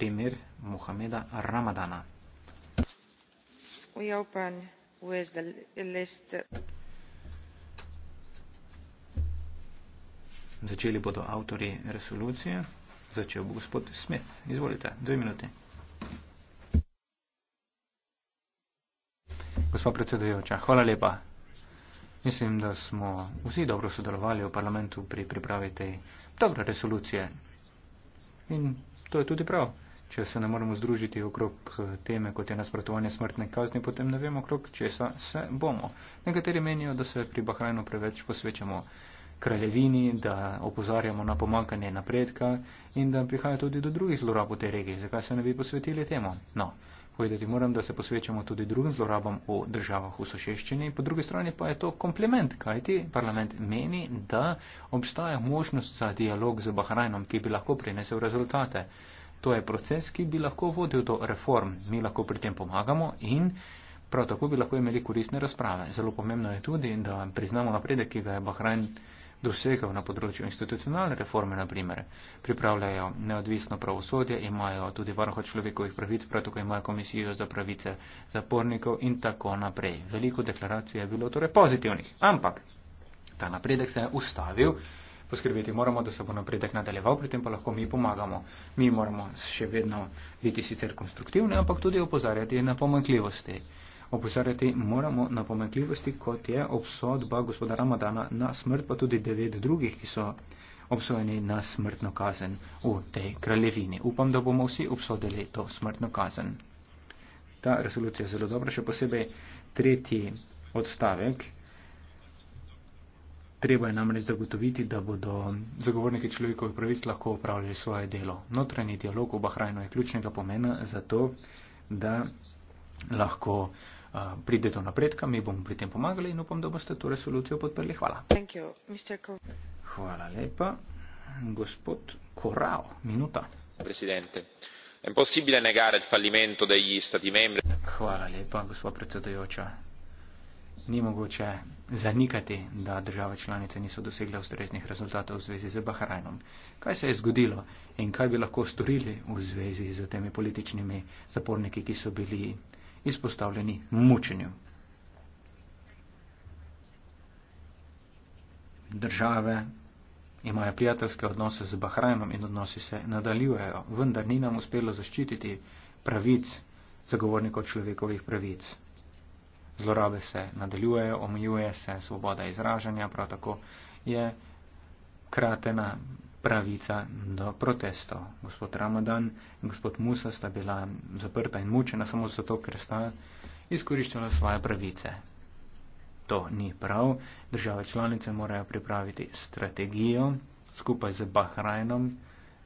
primer Muhameda Ramadana. We open with the list. Začeli bodo avtori resolucije. Začel bo gospod Smith. Izvolite, dve minuti. Gospod predsedujoča, hvala lepa. Mislim, da smo vsi dobro sodelovali v parlamentu pri pripravi te dobre resolucije. In to je tudi prav če se ne moremo združiti okrog eh, teme, kot je nasprotovanje smrtne kazni, potem ne vemo, okrog česa se bomo. Nekateri menijo, da se pri Bahrajnu preveč posvečamo kraljevini, da opozarjamo na pomankanje napredka in da prihaja tudi do drugih zlorab v tej regiji. Zakaj se ne bi posvetili temu? No, povedati moram, da se posvečamo tudi drugim zlorabam v državah v sošeščini, po drugi strani pa je to kompliment, kajti parlament meni, da obstaja možnost za dialog z Bahrajnom, ki bi lahko prinesel rezultate. To je proces, ki bi lahko vodil do reform. Mi lahko pri tem pomagamo in prav tako bi lahko imeli koristne razprave. Zelo pomembno je tudi, da priznamo napredek, ki ga je Bahrajn dosegel na področju institucionalne reforme, naprimer. Pripravljajo neodvisno pravosodje, imajo tudi varho človekovih pravic, prav tako imajo komisijo za pravice zapornikov in tako naprej. Veliko deklaracij je bilo torej pozitivnih, ampak ta napredek se je ustavil. Mm poskrbeti moramo, da se bo napredek nadaljeval, pri tem pa lahko mi pomagamo. Mi moramo še vedno biti sicer konstruktivni, ampak tudi opozarjati na pomankljivosti. Opozarjati moramo na pomankljivosti, kot je obsodba gospoda Ramadana na smrt, pa tudi devet drugih, ki so obsojeni na smrtno kazen v tej kraljevini. Upam, da bomo vsi obsodili to smrtno kazen. Ta resolucija je zelo dobra, še posebej tretji odstavek. Treba je namreč zagotoviti, da bodo zagovorniki človekovih pravic lahko upravljali svoje delo. Notranji dialog v Bahrajnu je ključnega pomena za to, da lahko uh, pride do napredka. Mi bomo pri tem pomagali in upam, da boste to resolucijo podprli. Hvala. You, Hvala lepa. Gospod Korao, minuta. Presidente. Hvala lepa, gospod predsedujoča ni mogoče zanikati, da države članice niso dosegle ustreznih rezultatov v zvezi z Bahrajnom. Kaj se je zgodilo in kaj bi lahko storili v zvezi z temi političnimi zaporniki, ki so bili izpostavljeni mučenju? Države imajo prijateljske odnose z Bahrajnom in odnosi se nadaljujejo, vendar ni nam uspelo zaščititi pravic zagovornikov človekovih pravic zlorabe se nadaljujejo, omejuje se svoboda izražanja, prav tako je kratena pravica do protestov. Gospod Ramadan in gospod Musa sta bila zaprta in mučena samo zato, ker sta izkoriščala svoje pravice. To ni prav. Države članice morajo pripraviti strategijo skupaj z Bahrajnom,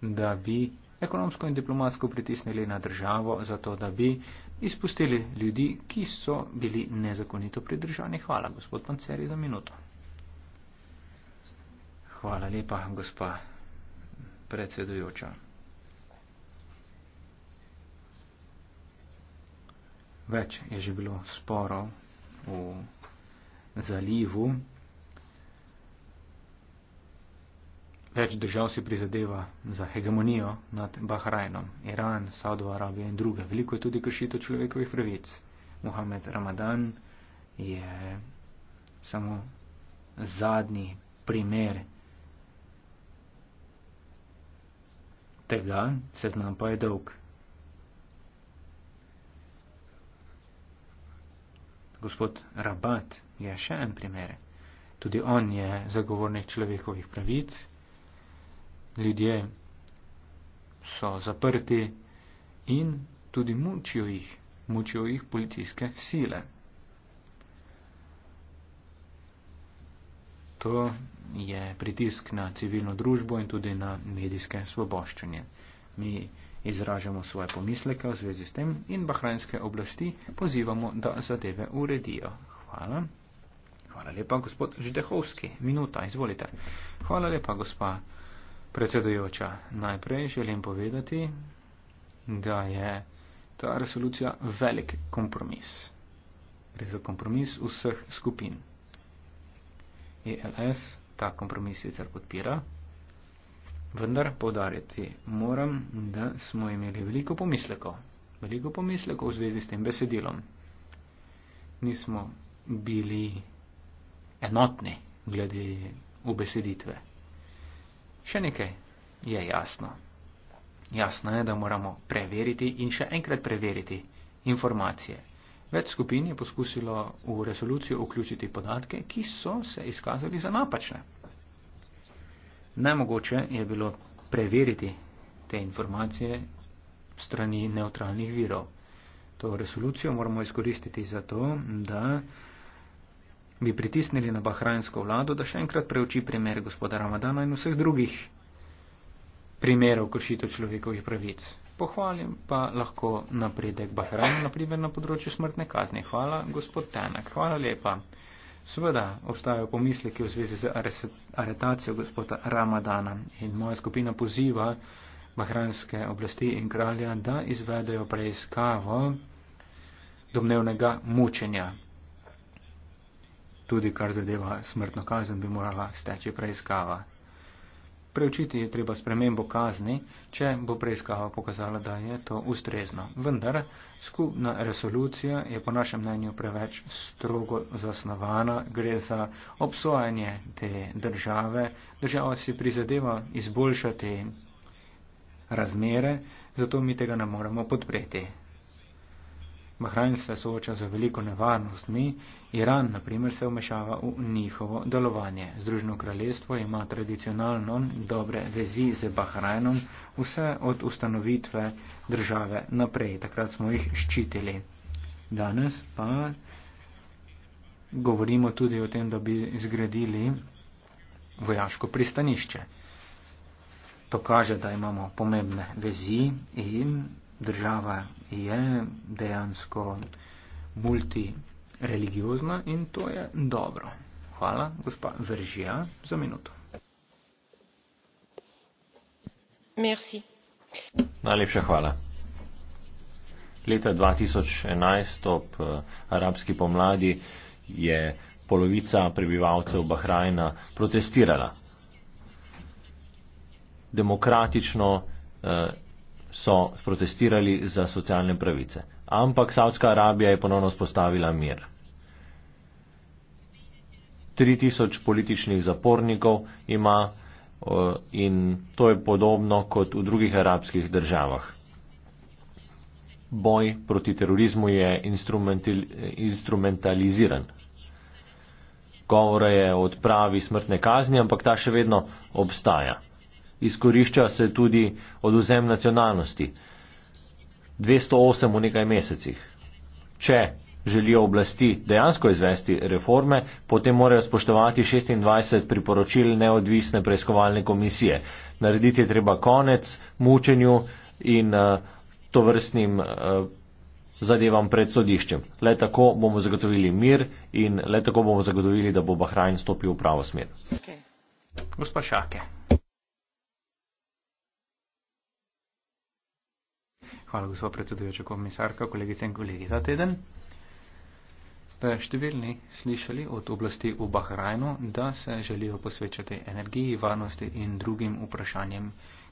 da bi ekonomsko in diplomatsko pritisnili na državo, zato da bi izpustili ljudi, ki so bili nezakonito pridržani. Hvala, gospod Panceri, za minuto. Hvala lepa, gospa predsedujoča. Več je že bilo sporov v zalivu. več držav si prizadeva za hegemonijo nad Bahrajnom, Iran, Saudo Arabijo in druge. Veliko je tudi kršito človekovih pravic. Mohamed Ramadan je samo zadnji primer tega, seznam pa je dolg. Gospod Rabat je še en primer. Tudi on je zagovornik človekovih pravic ljudje so zaprti in tudi mučijo jih, mučijo jih policijske sile. To je pritisk na civilno družbo in tudi na medijske svoboščenje. Mi izražamo svoje pomisleke v zvezi s tem in bahrajnske oblasti pozivamo, da zadeve uredijo. Hvala. Hvala lepa, gospod Židehovski. Minuta, izvolite. Hvala lepa, gospa. Predsedujoča, najprej želim povedati, da je ta resolucija velik kompromis. Gre za kompromis vseh skupin. ELS ta kompromis sicer podpira, vendar povdarjati moram, da smo imeli veliko pomislekov. Veliko pomislekov v zvezi s tem besedilom. Nismo bili enotni glede ubeseditve. Še nekaj je jasno. Jasno je, da moramo preveriti in še enkrat preveriti informacije. Več skupin je poskusilo v resolucijo vključiti podatke, ki so se izkazali za napačne. Najmogoče je bilo preveriti te informacije strani neutralnih virov. To resolucijo moramo izkoristiti za to, da bi pritisnili na bahrajnsko vlado, da še enkrat preuči primer gospoda Ramadana in vseh drugih primerov kršitev človekovih pravic. Pohvalim pa lahko napredek Bahrajna, naprimer na področju smrtne kazni. Hvala, gospod Tenak. Hvala lepa. Sveda obstajajo pomisleki v zvezi z aretacijo gospoda Ramadana in moja skupina poziva bahrajnske oblasti in kralja, da izvedejo preiskavo domnevnega mučenja tudi kar zadeva smrtno kazen, bi morala steči preiskava. Preučiti je treba spremembo kazni, če bo preiskava pokazala, da je to ustrezno. Vendar skupna resolucija je po našem mnenju preveč strogo zasnovana, gre za obsojanje te države. Država si prizadeva izboljšati razmere, zato mi tega ne moremo podpreti. Bahrajn se sooča z veliko nevarnostmi, Iran, na primer, se vmešava v njihovo delovanje. Združeno kraljestvo ima tradicionalno dobre vezi z Bahrajnom, vse od ustanovitve države naprej, takrat smo jih ščitili. Danes pa govorimo tudi o tem, da bi zgradili vojaško pristanišče. To kaže, da imamo pomembne vezi in država je dejansko multireligiozna in to je dobro. Hvala, gospa Veržija, za minuto. Merci. Najlepša hvala. Leta 2011 ob eh, arabski pomladi je polovica prebivalcev Bahrajna protestirala. Demokratično eh, so protestirali za socialne pravice. Ampak Saudska Arabija je ponovno spostavila mir. 3000 političnih zapornikov ima in to je podobno kot v drugih arabskih državah. Boj proti terorizmu je instrumentaliziran. Govora je o odpravi smrtne kazni, ampak ta še vedno obstaja izkorišča se tudi oduzem nacionalnosti. 208 v nekaj mesecih. Če želijo oblasti dejansko izvesti reforme, potem morajo spoštovati 26 priporočil neodvisne preiskovalne komisije. Narediti je treba konec mučenju in uh, tovrstnim uh, zadevam pred sodiščem. Le tako bomo zagotovili mir in le tako bomo zagotovili, da bo Bahrajn stopil v pravo smer. Okay. Gospa Šake. Hvala, gospod predsedujoča komisarka, kolegice in kolegi. Za teden ste številni slišali od oblasti v Bahrajnu, da se želijo posvečati energiji, varnosti in drugim vprašanjem,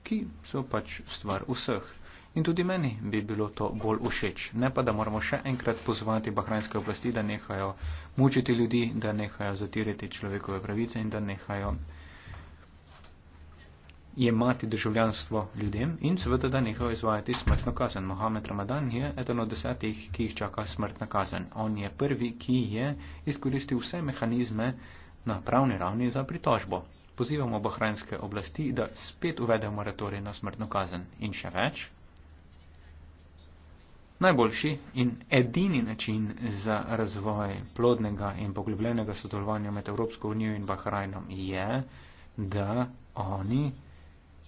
ki so pač stvar vseh. In tudi meni bi bilo to bolj všeč. Ne pa, da moramo še enkrat pozvati bahrajnske oblasti, da nehajo mučiti ljudi, da nehajo zatirati človekove pravice in da nehajo jemati državljanstvo ljudem in seveda, da nehajo izvajati smrtno kazen. Mohamed Ramadan je eden od desetih, ki jih čaka smrtna kazen. On je prvi, ki je izkoristil vse mehanizme na pravni ravni za pritožbo. Pozivamo bahrajnske oblasti, da spet uvedejo moratorij na smrtno kazen. In še več. Najboljši in edini način za razvoj plodnega in poglobljenega sodelovanja med Evropsko unijo in Bahrajnom je, da oni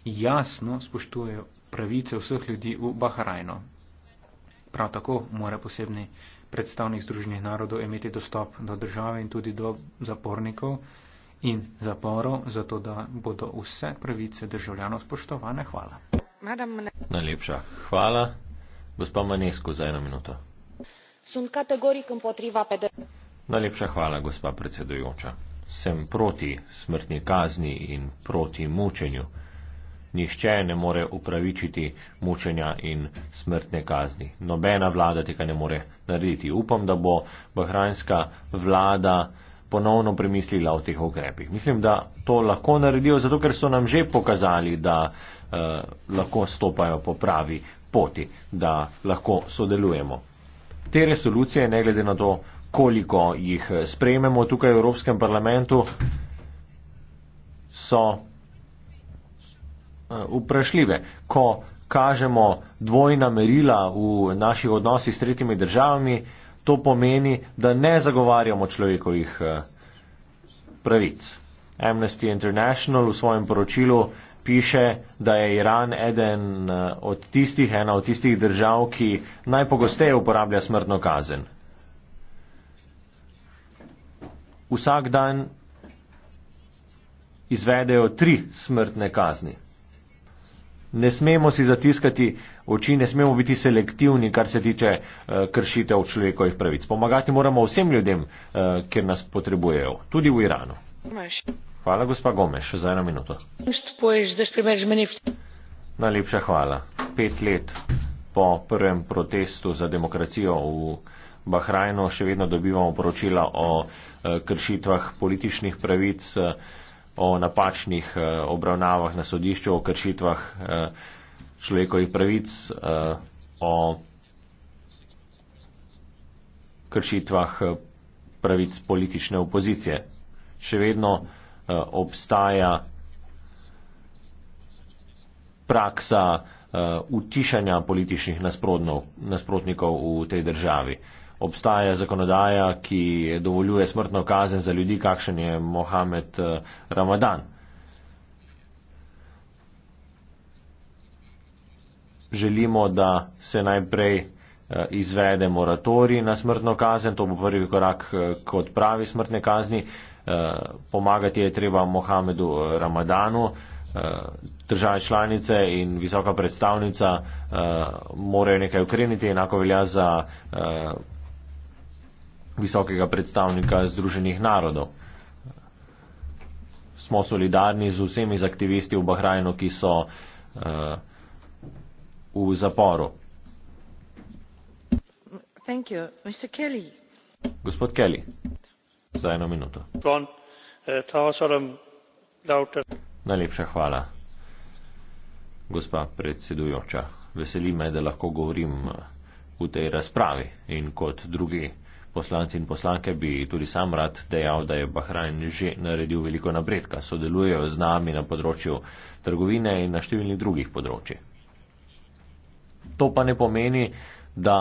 jasno spoštujejo pravice vseh ljudi v Bahrajno. Prav tako mora posebni predstavnik Združenih narodov imeti dostop do države in tudi do zapornikov in zaporov, zato da bodo vse pravice državljanov spoštovane. Hvala. Najlepša hvala. Gospa Manesko za eno minuto. Najlepša hvala, gospa predsedujoča. Sem proti smrtni kazni in proti mučenju nihče ne more upravičiti mučenja in smrtne kazni. Nobena vlada tega ne more narediti. Upam, da bo bahrajnska vlada ponovno premislila o teh ukrepih. Mislim, da to lahko naredijo, zato ker so nam že pokazali, da eh, lahko stopajo po pravi poti, da lahko sodelujemo. Te resolucije, ne glede na to, koliko jih eh, sprejmemo tukaj v Evropskem parlamentu, so Eh, vprašljive. Ko kažemo dvojna merila v naših odnosih s tretjimi državami, to pomeni, da ne zagovarjamo človekovih eh, pravic. Amnesty International v svojem poročilu piše, da je Iran eden eh, od tistih, ena od tistih držav, ki najpogosteje uporablja smrtno kazen. Vsak dan izvedejo tri smrtne kazni ne smemo si zatiskati oči, ne smemo biti selektivni, kar se tiče eh, kršitev človekovih pravic. Pomagati moramo vsem ljudem, eh, kjer nas potrebujejo, tudi v Iranu. Hvala, gospa Gomeš, za eno minuto. Najlepša hvala. Pet let po prvem protestu za demokracijo v Bahrajnu še vedno dobivamo poročila o eh, kršitvah političnih pravic o napačnih eh, obravnavah na sodišču, o kršitvah eh, človekovih pravic, eh, o kršitvah pravic politične opozicije. Še vedno obstaja praksa utišanja političnih nasprotnikov v tej državi obstaja zakonodaja, ki dovoljuje smrtno kazen za ljudi, kakšen je Mohamed eh, Ramadan. Želimo, da se najprej eh, izvede moratori na smrtno kazen, to bo prvi korak eh, k odpravi smrtne kazni. Pomagati je treba Mohamedu Ramadanu. Države članice in visoka predstavnica morajo nekaj ukreniti, enako velja za visokega predstavnika Združenih narodov. Smo solidarni z vsemi z aktivisti v Bahrajnu, ki so uh, v zaporu. Thank you. Mr. Kelly. Gospod Kelly, za eno minuto. Eh, Najlepša hvala, gospa predsedujoča. Veseli me, da lahko govorim eh, v tej razpravi in kot drugi poslanci in poslanke, bi tudi sam rad dejal, da je Bahrajn že naredil veliko napredka, sodelujejo z nami na področju trgovine in na številnih drugih področjih. To pa ne pomeni, da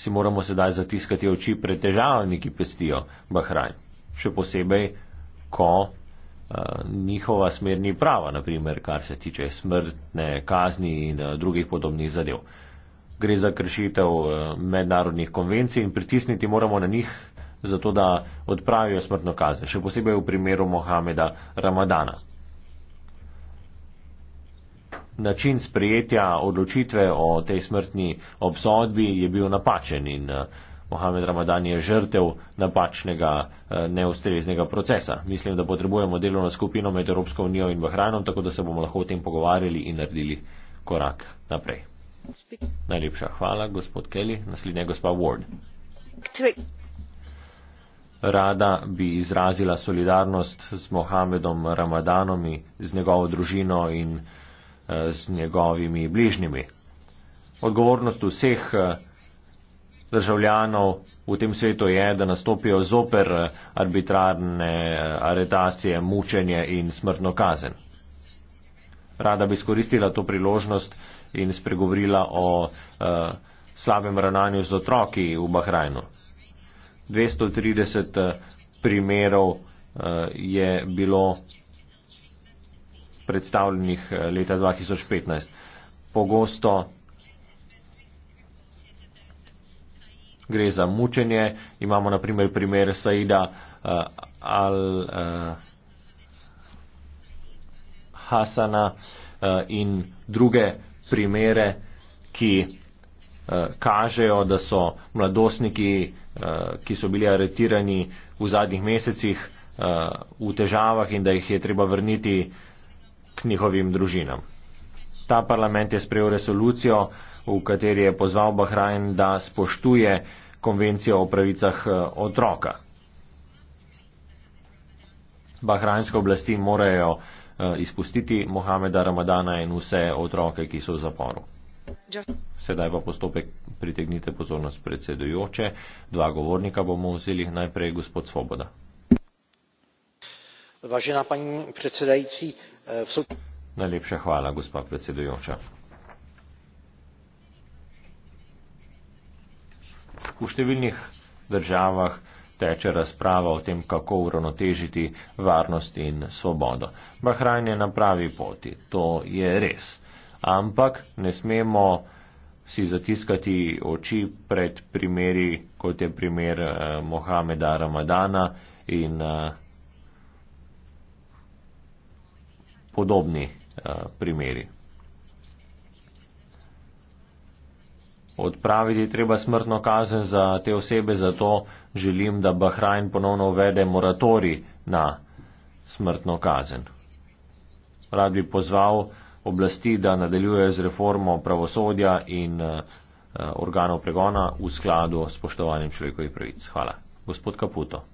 si moramo sedaj zatiskati oči pred težavami, ki pestijo Bahrajn. Še posebej, ko uh, njihova smer ni prava, naprimer, kar se tiče smrtne kazni in uh, drugih podobnih zadev. Uh, gre za kršitev eh, mednarodnih konvencij in pritisniti moramo na njih, zato da odpravijo smrtno kazen, še posebej v primeru Mohameda Ramadana. Način sprejetja odločitve o tej smrtni obsodbi je bil napačen in eh, Mohamed Ramadan je žrtev napačnega eh, neustreznega procesa. Mislim, da potrebujemo delovno skupino med Evropsko unijo in Bahrajnom, tako da se bomo lahko o tem pogovarjali in naredili korak naprej. Najlepša hvala, gospod Kelly. Naslednja je gospa Ward. Rada bi izrazila solidarnost z Mohamedom Ramadanom, z njegovo družino in eh, z njegovimi bližnjimi. Odgovornost vseh eh, državljanov v tem svetu je, da nastopijo zoper eh, arbitrarne aretacije, mučenje in smrtno kazen. Rada bi izkoristila to priložnost, in spregovorila o uh, slabem ravnanju z otroki v Bahrajnu. 230 eh, primerov uh, je bilo predstavljenih leta 2015. Pogosto gre za mučenje. Imamo na primer primer Saida uh, Al uh, Hasana uh, in druge primere, ki eh, kažejo, da so mladostniki, eh, ki so bili aretirani v zadnjih mesecih, eh, v težavah in da jih je treba vrniti k njihovim družinam. Ta parlament je sprejel resolucijo, v kateri je pozval Bahrajn, da spoštuje konvencijo o pravicah otroka. Bahrajnske oblasti morajo Eh, izpustiti Mohameda Ramadana in vse otroke, ki so v zaporu. Sedaj pa postopek pritegnite pozornost predsedujoče. Dva govornika bomo vzeli najprej gospod Svoboda. Važena pani predsedajci. Eh, Vso... Najlepša hvala, gospa predsedujoča. V številnih državah teče razprava o tem, kako uravnotežiti varnost in svobodo. Bahrajn je na pravi poti, to je res. Ampak ne smemo si zatiskati oči pred primeri, kot je primer eh, Mohameda Ramadana in eh, podobni eh, primeri. odpraviti treba smrtno kazen za te osebe, zato želim, da Bahrajn ponovno uvede moratori na smrtno kazen. Rad bi pozval oblasti, da nadaljujejo z reformo pravosodja in eh, eh, organov pregona v skladu s poštovanjem človekovih pravic. Hvala. Gospod Kaputo.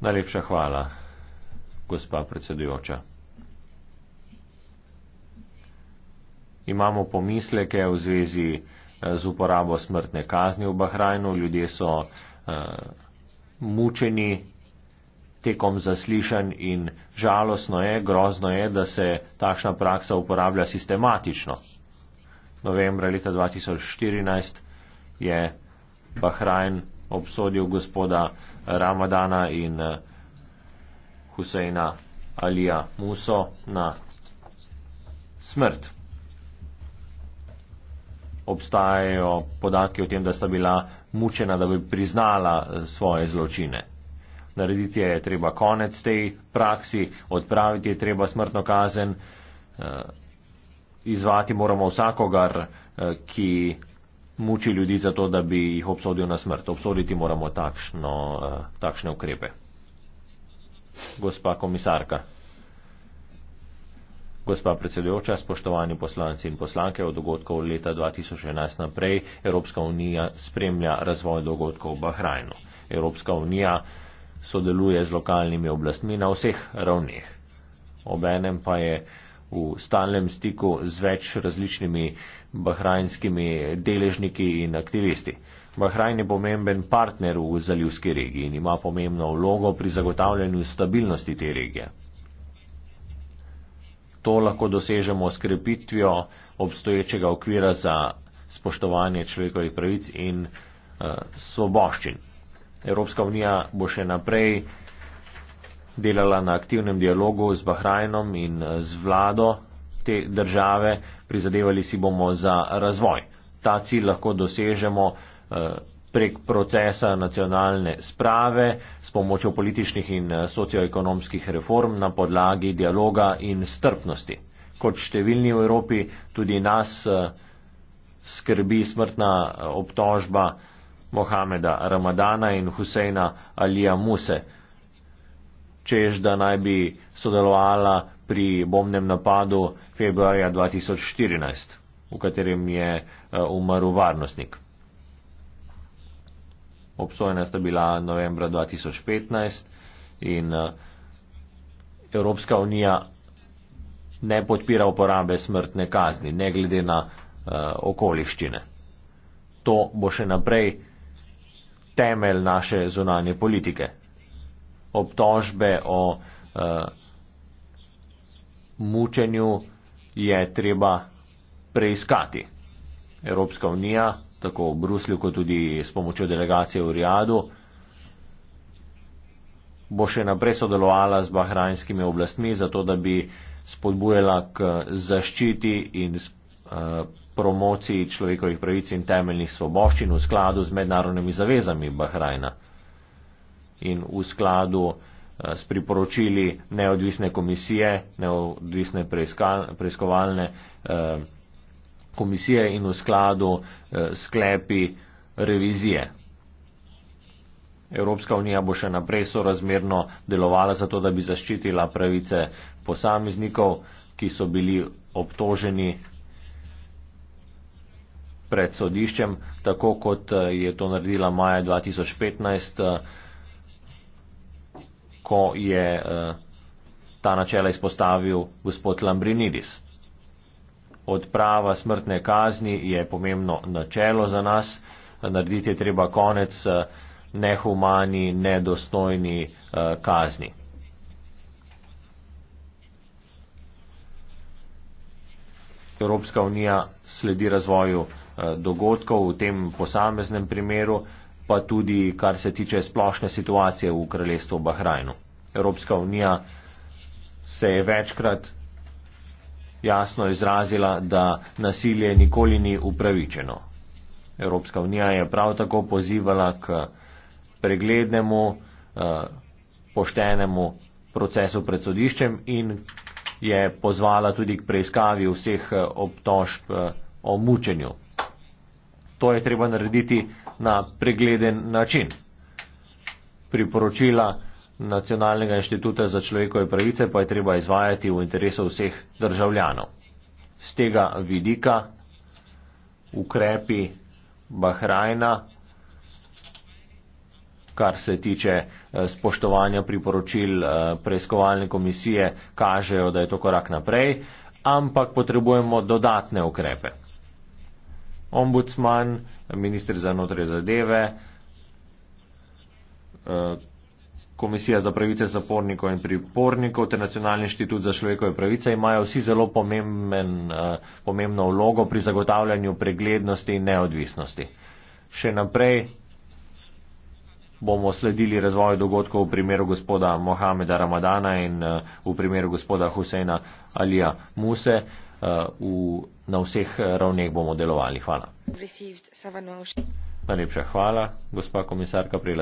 Najlepša hvala gospa predsedujoča. Imamo pomisleke v zvezi eh, z uporabo smrtne kazni v Bahrajnu. Ljudje so uh, mučeni tekom zaslišanj in žalostno je, grozno je, da se takšna praksa uporablja sistematično. Novembra leta 2014 je Bahrajn obsodil gospoda Ramadana in uh, Huseina Alija Muso na smrt. Obstajajo podatki o tem, da sta bila mučena, da bi priznala eh, svoje zločine. Narediti je treba konec tej praksi, odpraviti je treba smrtno kazen, eh, izvati moramo vsakogar, eh, ki muči ljudi za to, da bi jih obsodil na smrt. Obsoditi moramo takšno, takšne ukrepe gospa komisarka. Gospa predsedujoča, spoštovani poslanci in poslanke, od dogodkov leta 2011 naprej Evropska unija spremlja razvoj dogodkov v Bahrajnu. Evropska unija sodeluje z lokalnimi oblastmi na vseh ravneh. Obenem pa je v stalnem stiku z več različnimi bahrajnskimi deležniki in aktivisti. Bahrajn je pomemben partner v zalivski regiji in ima pomembno vlogo pri zagotavljanju stabilnosti te regije. To lahko dosežemo s krepitvijo obstoječega okvira za spoštovanje človekovih pravic in uh, svoboščin. Evropska unija bo še naprej delala na aktivnem dialogu z Bahrajnom in eh, z vlado te države, prizadevali si bomo za razvoj. Ta cilj lahko dosežemo uh, Eh, prek procesa nacionalne sprave s pomočjo političnih in eh, socioekonomskih reform na podlagi dialoga in strpnosti. Kot številni v Evropi tudi nas eh, skrbi smrtna obtožba Mohameda Ramadana in Huseina Alija Muse, čež da naj bi sodelovala pri bombnem napadu februarja 2014, v katerem je umrl varnostnik obsojena sta bila novembra 2015 in eh, Evropska unija ne podpira uporabe smrtne kazni, ne glede na uh, okoliščine. To bo še naprej temelj naše zunanje politike. Obtožbe o uh, mučenju je treba preiskati. Evropska unija tako v Bruslju, kot tudi s pomočjo delegacije v Rijadu, bo še naprej sodelovala z bahrajnskimi oblastmi, zato da bi spodbujala k zaščiti in eh, promociji človekovih pravic in temeljnih svoboščin v skladu z mednarodnimi zavezami Bahrajna in v skladu eh, s priporočili neodvisne komisije, neodvisne preiskovalne. preiskovalne eh, komisije in v skladu eh, sklepi revizije. Evropska unija bo še naprej sorazmerno delovala za to, da bi zaščitila pravice posameznikov, ki so bili obtoženi pred sodiščem, tako kot eh, je to naredila maja 2015, eh, ko je eh, ta načela izpostavil gospod Lambrinidis odprava smrtne kazni je pomembno načelo za nas. Narediti je treba konec eh, nehumani, nedostojni eh, kazni. Evropska unija sledi razvoju eh, dogodkov v tem posameznem primeru, pa tudi kar se tiče splošne situacije v kraljestvu Bahrajnu. Evropska unija se je večkrat jasno izrazila, da nasilje nikoli ni upravičeno. Evropska unija je prav tako pozivala k preglednemu, eh, poštenemu procesu pred sodiščem in je pozvala tudi k preiskavi vseh eh, obtožb eh, o mučenju. To je treba narediti na pregleden način. Priporočila Nacionalnega inštituta za človekove pravice pa je treba izvajati v interesu vseh državljanov. Z tega vidika ukrepi Bahrajna, kar se tiče eh, spoštovanja priporočil eh, preiskovalne komisije, kažejo, da je to korak naprej, ampak potrebujemo dodatne ukrepe. Ombudsman, ministr za notre zadeve, eh, Komisija za pravice zapornikov in pripornikov ter Nacionalni inštitut za človekove pravice imajo vsi zelo pomemben, eh, pomembno vlogo pri zagotavljanju preglednosti in neodvisnosti. Še naprej bomo sledili razvoju dogodkov v primeru gospoda Mohameda Ramadana in eh, v primeru gospoda Huseina Alija Muse. Eh, v, na vseh ravneh bomo delovali. Hvala. Najlepša hvala, gospa komisarka Prila.